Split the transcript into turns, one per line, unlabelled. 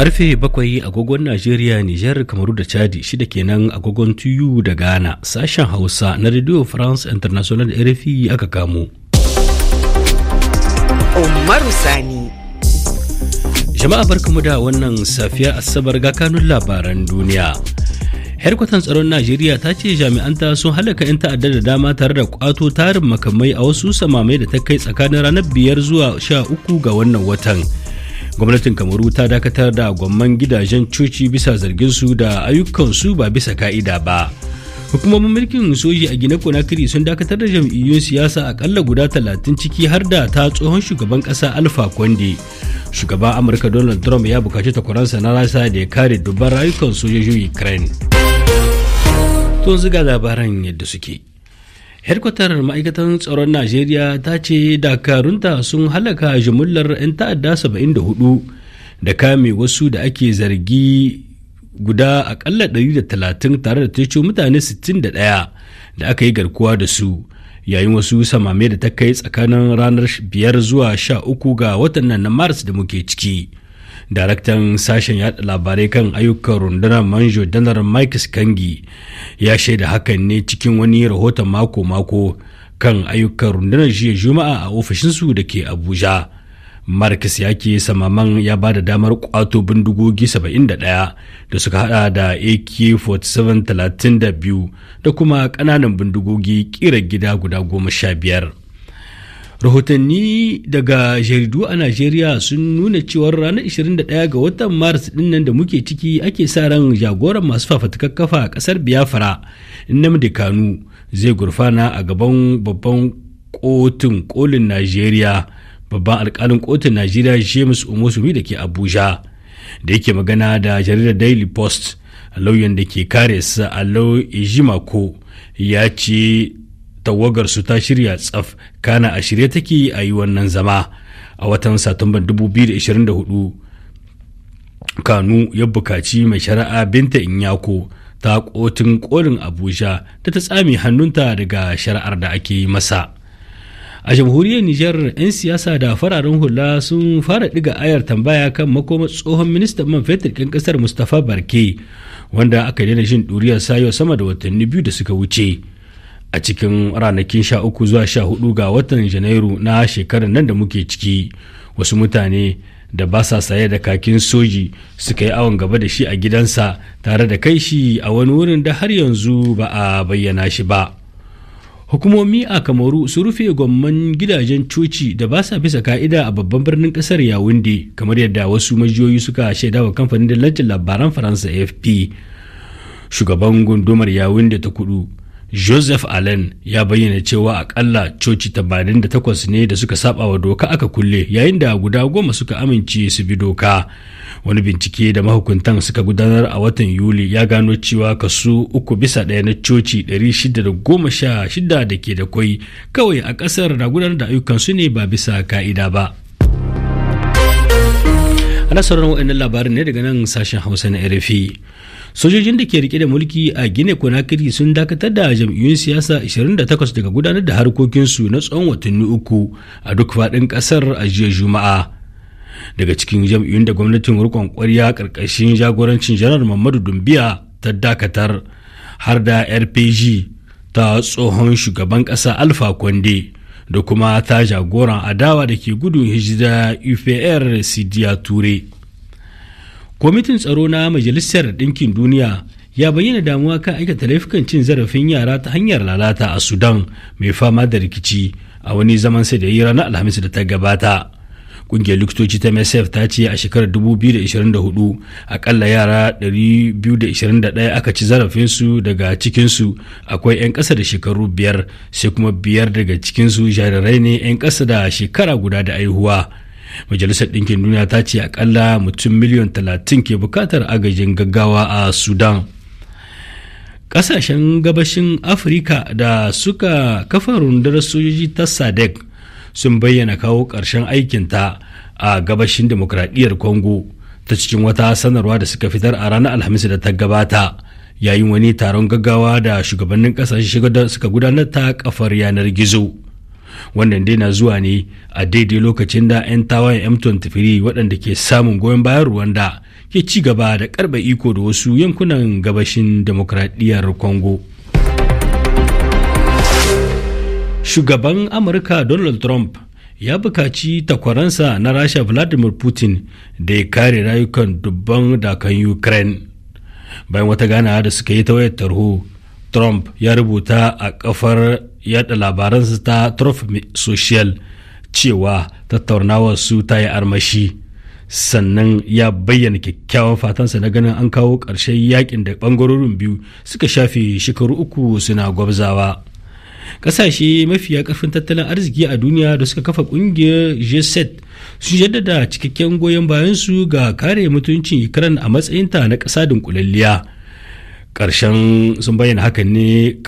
Karfe bakwai agogon Najeriya, Nijar, Kamaru da Chadi shida kenan agogon Tuyu da Ghana sashen Hausa na Radio France International RFI aka kamo. jama'a Sani. Jama'a barkamu da wannan safiya Asabar ga kanun labaran duniya. Harkwatan tsaron Najeriya ta ce jami'an ta sun halaka 'yan ta'adda da dama tare da kwato tarin makamai a wasu samamai da ta kai tsakanin ranar biyar zuwa sha uku ga wannan watan. gwamnatin kamaru ta dakatar da gwamman gidajen coci bisa zarginsu da ayyukansu ba bisa ka'ida ba hukumomin mulkin soji a gine konakiri sun dakatar da jam'iyyun siyasa akalla guda talatin ciki har da ta tsohon shugaban kasa alfa kwande shugaban amurka donald trump ya bukaci takwaransa na rasa da ya kare dubban rayukan sojojin ukraine tun ziga labaran yadda suke herkutar ma'aikatan tsaron Najeriya ta ce dakarunta sun halaka jimillar 'yan ta'adda 74 da kame wasu da ake zargi guda akalla 130 tare da teco mutane 61 da aka yi garkuwa da su yayin wasu samame da ta kai tsakanin ranar 5 zuwa 13 ga watan nan na Maris da muke ciki. daraktan sashen yada labarai kan ayyukan rundunar manjo janar mike kangi ya shaida hakan ne cikin wani rahoton mako-mako kan ayyukan rundunar jiya juma'a a ofishinsu da ke abuja marcus ya ke samaman ya ba da damar kwato bindigogi 71 da suka hada da ak-47 32 da kuma ƙananan bindigogi kira gida guda goma sha biyar rahotanni daga jaridu a najeriya sun nuna cewar ranar 21 ga watan maris dinnan da muke ciki ake sa ran jagoran masu fafatukar kafa a kasar biafra namdi kanu zai gurfana a gaban babban kotun kolin najeriya babban alkalin kotun najeriya james umosumi da ke abuja da yake magana da jaridar daily post lauyan da ke kare sa alau ijimako ya ce tawagarsu ta shirya tsaf kana a shirye take a yi wannan zama a watan satumban 2024 kanu ya bukaci mai shari'a binta inyako ta kotun kolin abuja da ta tsami hannunta daga shari'ar da ake yi masa a jamhuriyar nijar 'yan siyasa da fararen hula sun fara diga ayar tambaya kan makoma tsohon ministan man fetur ɗin ƙasar mustapha barke wanda aka daina shin ɗuriyar sayo sama da watanni biyu da suka wuce a cikin ranakin sha zuwa sha hudu ga watan janairu na shekarar nan da muke ciki wasu mutane da ba sa saye da kakin soji suka yi awon gaba da shi a gidansa tare da kai shi a wani wurin da har yanzu ba a bayyana shi ba hukumomi a kamaru su rufe gwamman gidajen coci da ba sa bisa ka'ida a babban birnin kasar yawunde kamar yadda wasu majiyoyi suka shaida wa kamfanin dillancin labaran faransa fp shugaban gundumar yawunde ta kudu joseph allen ya bayyana cewa akalla coci 88 ne da suka saba wa doka aka kulle yayin da guda goma suka amince su bi doka wani bincike da mahukuntan suka gudanar a watan yuli ya gano cewa kasu uku bisa ɗaya na coci 616 da ke da kwai kawai a ƙasar na gudanar da ayyukansu ne ba bisa ka'ida ba ana sauran waɗannan labarin ne daga nan sashen hausa na rfi sojojin da ke rike da mulki a gine conakry sun dakatar da jam'iyyun siyasa 28 daga gudanar da harkokinsu na tsawon watanni uku a duk faɗin ƙasar a jiya juma'a daga cikin jam'iyyun da gwamnatin rikon kwarya ƙarƙashin jagorancin janar mamadu dumbiya ta dakatar har da rpg ta tsohon shugaban ƙasa alfa kwande da kuma ta jagoran adawa da ke gudun hijira ufr sidiya ture kwamitin tsaro na majalisar ɗinkin duniya ya bayyana damuwa kan aikata laifukan cin zarafin yara ta hanyar lalata a sudan mai fama da rikici a wani zaman sai da yi ranar alhamis da ta gabata ƙungiyar likitoci ta msf ta ce a shekarar 2024 akalla yara 221 aka ci zarafinsu daga cikinsu akwai 'yan ƙasa da shekaru biyar sai kuma biyar daga cikinsu jarirai ne 'yan ƙasa da shekara guda da aihuwa majalisar ɗinkin duniya ta ce akalla mutum miliyan talatin ke bukatar agajin gaggawa a sudan ƙasashen gabashin afirka da suka kafa rundunar sojoji ta sadec sun bayyana kawo ƙarshen aikinta a gabashin demokradiyyar congo ta cikin wata sanarwa da suka fitar a ranar alhamis da ta gabata yayin wani taron gaggawa da shugabannin ƙasashe suka gudanar ta kafar yanar gizo. wannan dai na zuwa ne a daidai lokacin da 'yan tawayen m23 waɗanda ke samun goyon bayan rwanda ke ci gaba da karɓa iko da wasu yankunan gabashin demokradiyyar kongo. shugaban amurka donald trump ya bukaci takwaransa na rasha vladimir putin da ya kare rayukan dubban dakan ukraine bayan wata ganawa da suka yi ta wayar tarho Trump ya rubuta a kafar yada labaransa ta Trump Social cewa tattaunawar su ta yi armashi sannan ya bayyana kyakkyawan fatansa na ganin an kawo ƙarshen yakin da ɓangarorin biyu suka shafe shekaru uku suna gwabzawa. ƙasashe mafiya karfin tattalin arziki a duniya da suka kafa ƙungiyar g7 sun jaddada cikakken goyon bayansu ga kare mutuncin ukraine a matsayinta na ƙasa dunkulalliya ƙarshen sun bayyana hakan ne